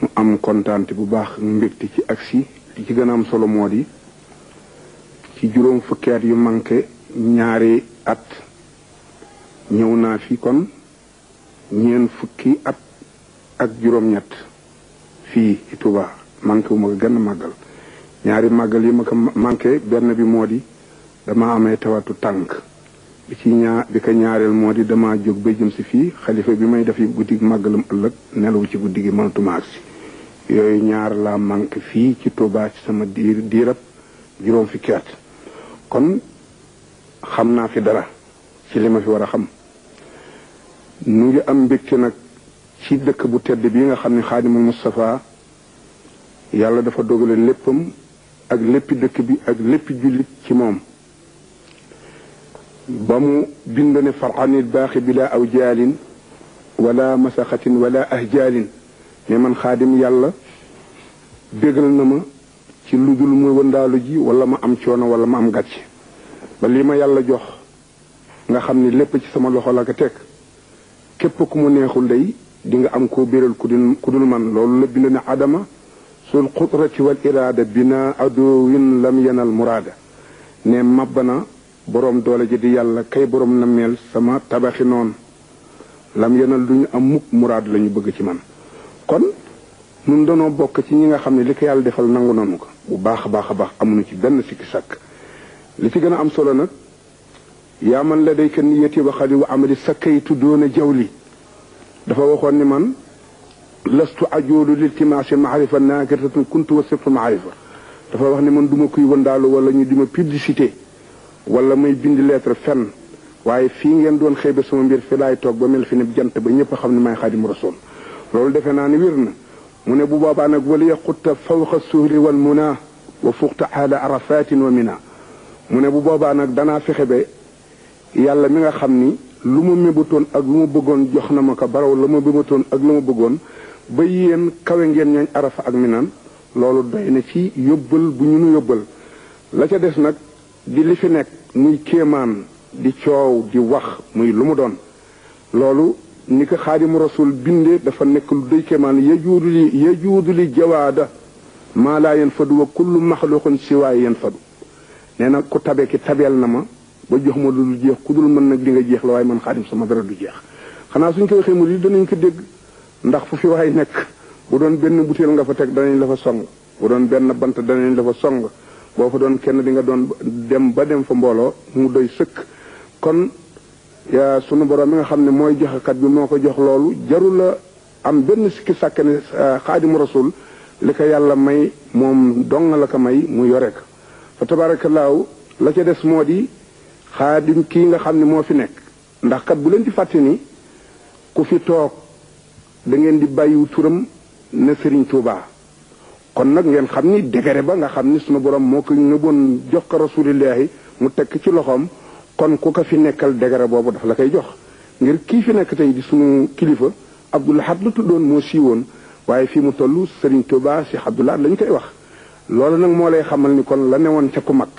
mu am kontaante bu baax mbégte ci agsi li ci gën a am solo moo di ci juróom fukki at yu manqué ñaari at ñëw naa fi kon ñeen fukki at ak juróom-ñett fii ci Touba manqué wu ma ko gën a màggal ñaari màggal yi ma ko manqué benn bi moo di dama amee tawatu tànk bi ci ñaar bi ko ñaareel moo di dama jóg ba jëm si fii xalifa bi may def guddi màggalam ëllëg nelaw ci guddi gi mënatuma agsi yooyu ñaar laa manqué fii ci Touba sama diir diirab juróom fukki kon xam naa fi dara ci li ma fi war a xam nu ngi am mbégte nag ci dëkk bu tedd bi nga xam ne xaadimul Moustapha yàlla dafa dogale léppam ak léppi dëkk bi ak léppi jullit ci moom ba mu bind ne farxanil baax bila aw jaalin wala masaxatin wala ahjaalin ne man xaadim yàlla bégal na ma ci lu dul muy wëndaalu ji wala ma am coono wala ma am gàcce ba li ma yàlla jox nga xam ni lépp ci sama loxo la ko teg képp ku mu neexul day di am ko béral ku dul ku dul man loolu la bind ne adama sul qudrati wal iraada bina adowin lam yanal muraada ne mabba na borom doole ji di yàlla kay borom na meel sama tabaxi noonu lam yenal duñu am mukk muraad lañu bëgg ci man kon nun danoo bokk ci ñi nga xam ne li ko yàlla defal nangu nanu ko bu baax a baax a baax amuñu ci benn sikki sàkk li ci gën a am solo nag yaa man la day kenn yéeti waxali wa amali sakkaytu doona jawli dafa waxoon ni man lastu ajoolu liltimaasi maarifa naakirtatun kuntu wa sirtu maarifa dafa wax ni man duma kuy wëndaalu wala ñu dima publicité wala may bind lettre fenn waaye fii ngeen doon xëy ba sama mbir fi laay toog ba mel fi ne jant ba ñëpp xam ne maay xaadim rasul loolu defe naa ne wér na mu ne bu boobaa nag wala yaqutta fawqa suhri wal muna wa fuqta ala arafatin wa minaa mu ne bu boobaa nag danaa fexe ba yàlla mi nga xam ni lu ma mébatoon ak lu ma bëggoon jox na ma ko baraw la ma mébatoon ak lu ma bëggoon ba yéen kawe ngeen ñooñ arafa ak minaan loolu doy na ci yóbbal bu ñu nu yóbbal la ca des nag di li fi nekk muy kéemaan di coow di wax muy lu mu doon loolu ni ko xaadimu rasul binde dafa nekk lu doy kéemaan yajuudu li yajuudu li jawaada maa laa yen fa wa kullu maxluqin siwaay yen fadu nee na ku tabe ki tabeel na ma ba ma lu jeex ku dul mën nag di nga jeex la waaye man xaadim sama dara du jeex xanaa suñ ko waxee mu lii danañ ko dégg ndax fu fi waay nekk bu doon benn butéel nga fa teg danañ la fa song bu doon benn bant danañ la fa song boo fa doon kenn di nga doon dem ba dem fa mbooloo mu doy sëkk kon yaa sunu borom mi nga xam ne mooy joxekat bi moo ko jox loolu jarul la am benn sikki sàkk ne euh, xaadimu rasul li ko yàlla may moom dong la ko may mu yore ko fa tabaarakallaahu la ca des moo di xaadim kii nga xam ne moo fi nekk ndax kat bu leen di fàtte ni ku fi toog da ngeen di bàyyiw turam ne Serigne Touba. kon nag ngeen xam ni dégare ba nga xam ni suñu borom moo ko nëbboon jox ko rasulillahi mu tekk ci loxoom kon ku ko fi nekkal dégare boobu dafa la koy jox ngir kii fi nekk tey di suñu kilifa Abdul Ahad la tuddoon moo siiwoon waaye fii mu toll Serigne Touba si Abdul Ahad lañ koy wax loolu nag moo lay xamal ni kon la ne woon ca ku mag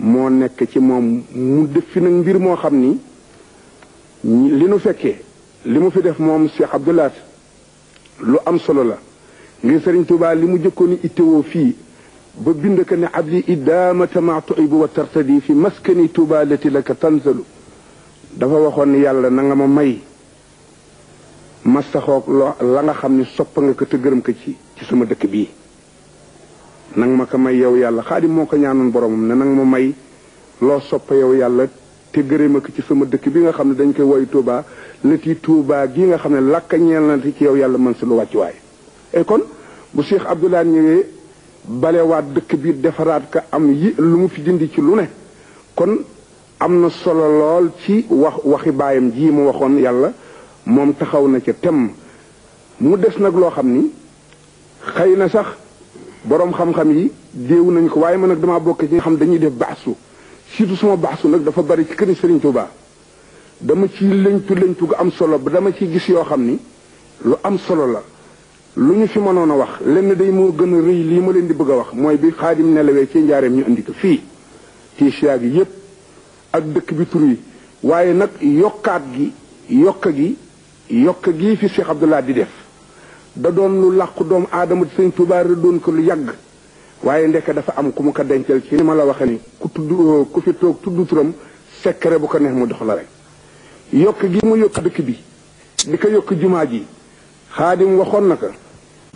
moo nekk ci moom mu def fi nag mbir moo xam ni li nu fekkee li mu fi def moom si Abdul lu am solo la ngir sëriñ Tuubaa li mu jëkkoon ittewoo fii ba bind ko ne abdi iddaamata ma tuibu wa tartadi fi maskani Tuubaa lati la ka tanzalu dafa waxoon ni yàlla na nga ma may ma saxoog loo la nga xam ne sopp nga ko te gërëm ko ci sama dëkk bii nang ma ko yow yàlla xaadim moo ko ñaanoon boromam ne nang ma may loo soppa yow yàlla te gërëma ko ci sama dëkk bi nga xam ne dañ koy woy Tuubaa lati Tuubaa gi nga xam ne làkka ñeel na ci yow yàlla mën si lu wàccuwaay et kon bu Cheikh Abdoulaye ñëwee balewaat dëkk bi defaraat ka am yi lu mu fi dindi ci lu ne kon am na solo lool ci wax waxi baayam ji mu waxoon yàlla moom taxaw na ca tem mu des nag loo xam ni xëy na sax boroom xam-xam yi déewu nañu ko waaye man nag damaa bokk ci nga xam dañuy def baasu surtout suma baasu nag dafa bari ci këni Serigne Touba dama ci lëñtu lëñtu gu am solo ba dama ciy gis yoo xam ni lu am solo la lu ñu fi mënoon a wax lenn day moo gën a rëy lii ma leen di bëgg a wax mooy bi xaadim nelawee ci njaareem ñu indi ko fii tiisiyaa gi yépp ak dëkk bi tur waaye nag yokkaat gi yokk gi yokk gi fi Cheikh Abdoulaye di def da doon lu làqu doomu aadama di sëñ Tuubaa doon ko lu yàgg waaye ndekk dafa am ku mu ko dencal ci ni ma la waxe ni ku tudd ku fi toog tudd turam sekkare bu ko neex mu dox la rek yokk gi mu yokk dëkk bi di ko yokk jumaa gi خادم وخون نكا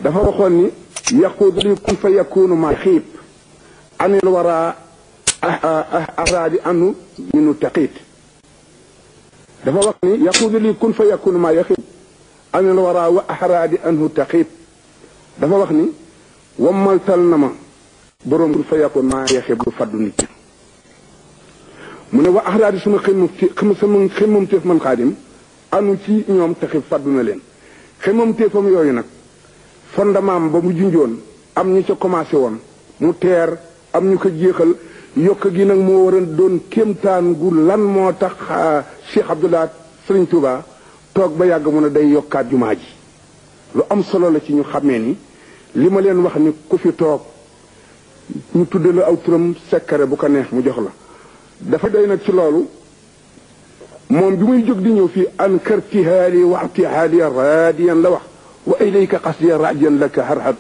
دفا وخون ني يقود لي كيف يكون ما خيب عن الوراء أرادي أنو من التقيت دفا وخون ني يقود لي كن فيكون ما يخيب عن الوراء وأحرادي أنه تقيب دفا وخون ني ومالتال نما بروم فيكون ما يخيب فرد نيك من وأحرادي سمو خيمم تيف من خادم أنو تي نيوم تخيب فرد نلين xemam téefam yooyu nag fondamam ba mu junjoon am ñu ca commencé woon mu teer am ñu ko jéexal yokk gi nag moo war a doon kéemtaan gu lan moo tax ah, Cheikh Abdoulaye Sëriñ Touba toog ba yàgg mu ne day yokkaat jumaa ji lu am solo la ci ñu xàmmee ni li ma leen wax ni ku fi toog mu tuddee la aw turam sekkare bu ko neex mu jox la dafa doy nag ci loolu moom bi muy jóg di ñëw fii an kartihaali wa artihaali raadiyan la wax wa ilayka qasdiya raadiyan laka harhad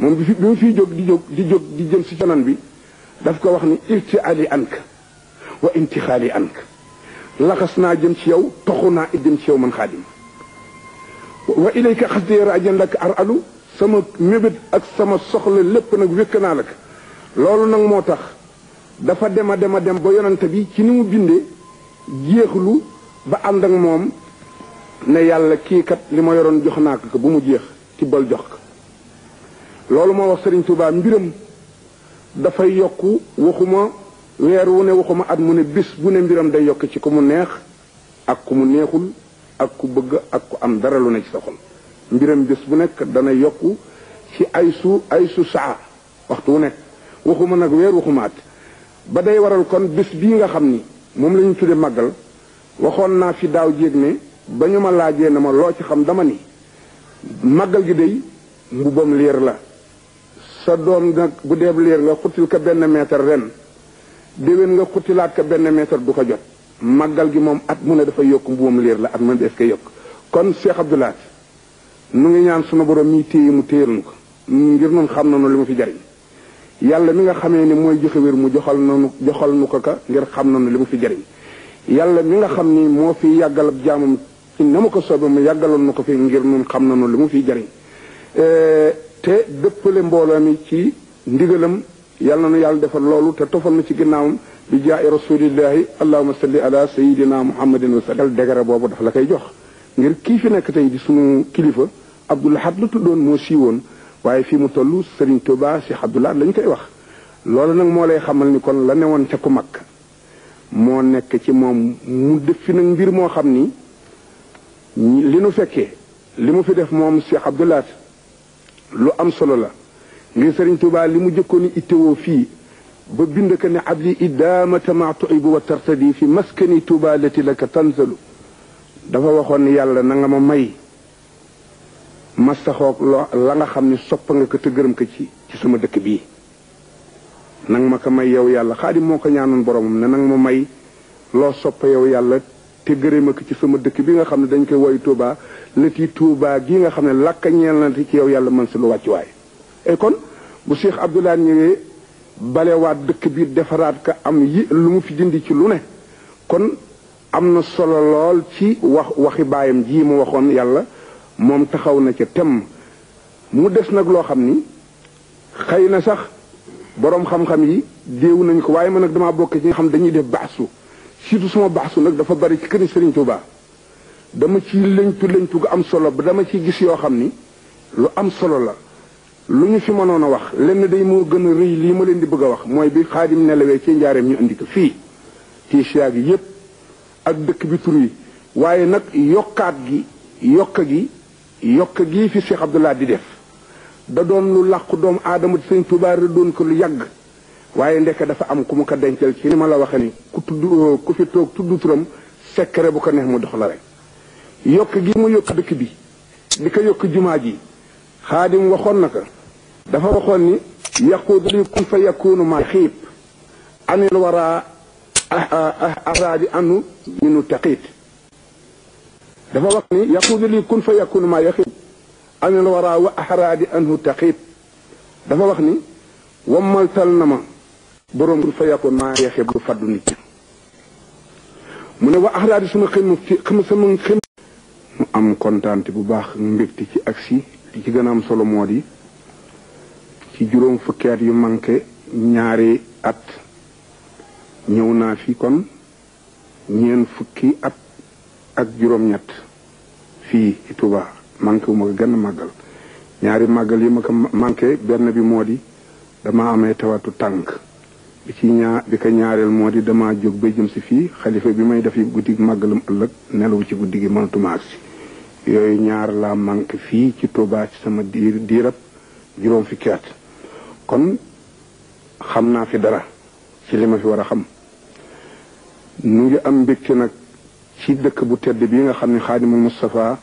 moom bi mu fii jóg di jóg di jóg di jëm si conan bi daf ko wax ni irtiali anka wa intixaali anka laxas naa jëm ci yow toxu naa it jëm ci yow man xaadim wa ilayka qasdiya raadiyan laka ar alu sama mébét ak sama soxla lépp nag wékk naa la loolu nag moo tax dafa dema a dem a dem ba yonante bi ci ni mu bindee jéexlu ba ànd ak moom ne yàlla kii kat li ma yoroon jox naa ko bu mu jeex tibbal jox ko loolu moo wax Sëriñ Tuubaa mbiram dafay yokk waxuma weer wu ne waxuma at mu ne bis bu ne mbiram day yokk ci ku neex ak ku mu neexul ak ku bëgg ak ku am dara lu ne ci mbiram bis bu nekk dana yokk ci ay su ay su saa waxtu wu nekk waxuma nag weer waxuma at ba day waral kon bis bii nga xam ni moom la ñu tuddee màggal waxoon naa fi daaw jéeg ne ba ñu ma laajee na ma loo ci xam dama ni màggal gi day mbubam liir la sa doom nag bu deeb liir nga xuttil ko benn mètre ren déwén nga xuttilaat ko benn mètre du ko jot màggal gi moom at mu ne dafa yokk mbubam liir la at mu ne def yokk kon Cheikh Abdoulaye nu ngi ñaan sunu borom mii téye mu téyel nu ko ngir noonu xam nañu li mu fi jariñ yàlla mi nga xamee ni mooy joxe wér mu joxal nanu joxal nu ko ka ngir xam na nu li mu fi jëriñ yàlla mi nga xam ni moo fi yàggal ab jaamam ci na mu ko soobee mu yàggaloon na ko fi ngir nun xam na nanu li mu fi jëriñ euh, te dëppale mbooloo mi ci ndigalam yàlla na nu yàlla defal loolu te tofal na ci ginnaawam bi jaay rasulillahi allahuma salli ala sayidina muhammadin wa sallam degere boobu daf la koy jox ngir kii fi nekk tey di sunu kilifa Abdul Ahad lu tuddoon moo siiwoon waaye fii mu toll Serigne Touba Cheikh Abdoulaye lañ koy wax loolu nag moo lay xamal ni kon la newoon ca ku mag moo nekk ci moom mu def fi nag mbir moo xam ni li nu fekkee li mu fi def moom si Abdoulaye lu am solo la ngir sëriñ Touba li mu jëkkoon ittewoo fii ba bind ko ne abdi idaamata ma tuibu wa tartadi fi maskani Touba lati laka tanzalu dafa waxoon ni yàlla nanga ma may ma saxoog la nga xam ne soppa nga ko te gërëm ko ci sama dëkk bii nang ma ko may yow yàlla xaadim moo ko ñaanoon boromam ne nang ma may loo soppa yow yàlla te gërëm ko ci sama dëkk bi nga xam ne dañ koy woy Touba lati tuubaa gi nga xam ne lakka ñeel na ci yow yàlla mën si lu wàccuwaay et kon bu Cheikh Abdoulaye ñëwee balewaat dëkk bi defaraat ka am yi lu mu fi dindi ci lu ne kon am na solo lool ci wax waxi baayam ji mu waxoon yàlla moom taxaw na ca tem mu des nag loo xam ni xëy na sax boroom xam-xam yi déewu nañ ko waaye man nag damaa bokk ci xam dañuy def baasu surtout suma baasu nag dafa bari ci këri Serigne Touba dama ci lëñtu lëñtu gu am solo ba dama ci gis yoo xam ni lu am solo la lu ñu fi mënoon a wax lenn day moo gën a rëy lii ma leen di bëgg a wax mooy bi xaadim nelawee ci njaareem ñu indi ko fii tiisiyaag gi yépp ak dëkk bi tur waaye nag yokkaat gi yokk gi yokk gii fi Cheikh Abdoulaye di def da doon lu làqu doomu aadama sëñ Tuubaa doon ko lu yàgg waaye ndeke dafa am ku mu ko dencal ci ni ma la waxee ni ku tudd ku fi toog tudd turam sekkere bu ko neex mu dox la rek yokk gi mu yokk dëkk bi di ko yokk jumaa ji xaadim waxoon na ko dafa waxoon ni yaquudu li kun fa yakunu ma xiib anil wara ah, ah, ah, araadi anu minu taqiit dafa wax ni yaquudu lii kun fa yakunu maa yaxib anil wara wa axraadi anhu taxib dafa wax ni wammaltal na ma boroom kun fa yakun maa yaxib lu faddu nit mu ne wa axraadi suma xim xim sama xim am kontaante bu baax mbégte ci agsi li ci gën a am solo moo ci juróom fukki at yu manqué ñaari at ñëw naa fi kon ñeen fukki at ak juróom-ñett fii ci Touba manqué wu ma ko genn màggal ñaari màggal yi ma ko manqué benn bi moo di dama amee tawatu tànk bi ci ñaa bi ko ñaareel moo di dama jóg ba jëm si fi, xalifa bi may defi guddi màggalam ëllëg nelaw ci guddi gi mënatuma si yooyu ñaar laa manqué fii ci Touba ci sama diir diirab juróom fi at kon xam naa fi dara ci li fi war a xam nu ngi am mbégte nag ci dëkk bu tedd bi nga xam ne xaadimul Moustapha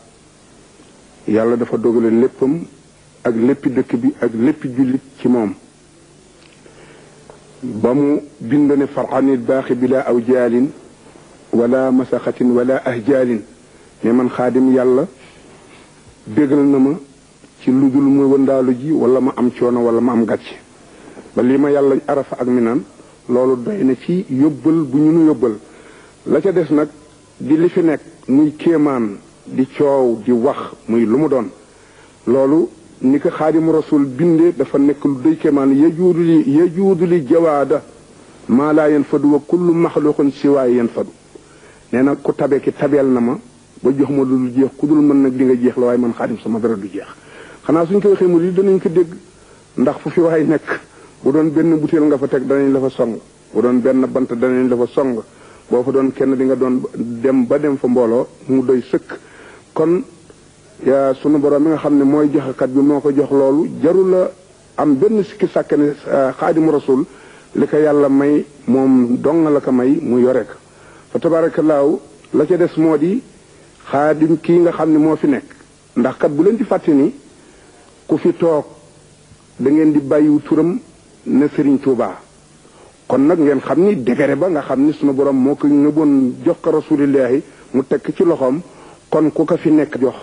yàlla dafa dogale léppam ak lépp dëkk bi ak lépp jullit ci moom ba mu bind ne farxanil baaxi bi laa aw jaalin wala masaxatin wala ahjaalin ne man xaadim yàlla bégal na ma ci lu dul mu wëndaalu ji wala ma am coono wala ma am gàcce ba li ma yàlla arafa ak mi naan loolu doy na ci yóbbal bu ñu nu yóbbal la ca des nag di li fi nekk muy kéemaan di coow di wax muy lu mu doon loolu ni ko xaadimu rasul bindee dafa nekk lu doy kéemaan yajuudu li yajuudu li jawaada maa laa yen fadu wa kullu maxluqin siwaay yen fadu nee na ku tabe ki tabeel na ma ba jox ma lu jeex ku dul mën nag di nga jeex la waaye man xaadim sama dara du jeex xanaa suñ ko waxee mu di danañ ko dégg ndax fu fi waay nekk bu doon benn butéel nga fa teg danañ la fa song bu doon benn bant danañ la fa song boo fa doon kenn di nga doon dem ba dem fa mbooloo mu doy sëkk kon yaa sunu borom bi nga xam ne mooy joxekat bi moo ko jox loolu jarul la am benn sikki sàkk ne euh, xaadimu rasul li ko yàlla may moom dong la ko may mu yore ko fa tabaarakallaahu la ca des moo di xaadim kii nga xam ne moo fi nekk ndax kat bu leen di fàtte ni ku fi toog da ngeen di bàyyiw turam ne Sëriñ Tuubaa kon nag ngeen xam ni décret ba nga xam ni sunu borom moo ko nëbboon jox ko rasulillahi mu tekk ci loxoom kon ku ko fi nekk jox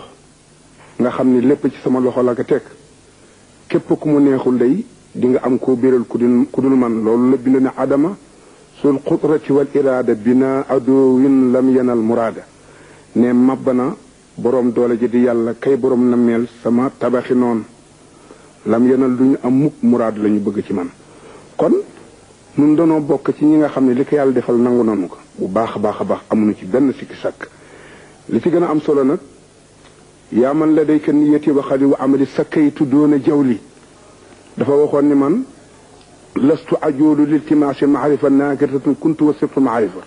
nga xam ni lépp ci sama loxo la ko teg képp ku mu neexul day di nga am ko biral ku dul ku dul man loolu la bind aadama adama sul xudrati wal iraada bina adowin lam yenal muraada ne na boroom doole ji di yàlla kay boroom na meel sama tabaxi noonu lam yenal du ñu am mukk muraad la bëgg ci man nun danoo bokk ci ñi nga xam ne li ko yàlla defal nangu nanu ko bu baax a baax a baax amuñu ci benn sikki sàkk li ci gën a am solo nag yaa man la day kenn niyati wa xali wa amali sakkaytu doona jawli dafa waxoon ni man lastu ajoolu liltimaasi maarifa naakiratan kuntu wa sirtu maarifa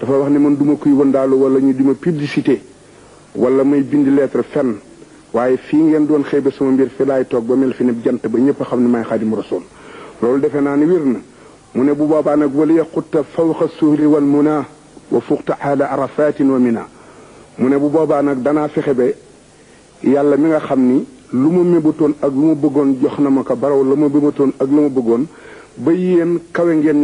dafa wax ni man duma kuy wëndaalu wala ñu dima publicité wala muy bindi lettre fenn waaye fii ngeen doon xëy ba sama mbir fi laay toog ba mel fi ne jant ba ñëpp xam ne maay xaadim rasool loolu defe naa ni wér na من ابو بابا نقول قلت فوق السهل والمنى وفقت على عرفات ومنى من ابو بابا انا في خبي يالا ميغا خامني لوم ميبوتون اك لوم بوغون جوخنا ماكا براو لوم ميبوتون اك لوم بوغون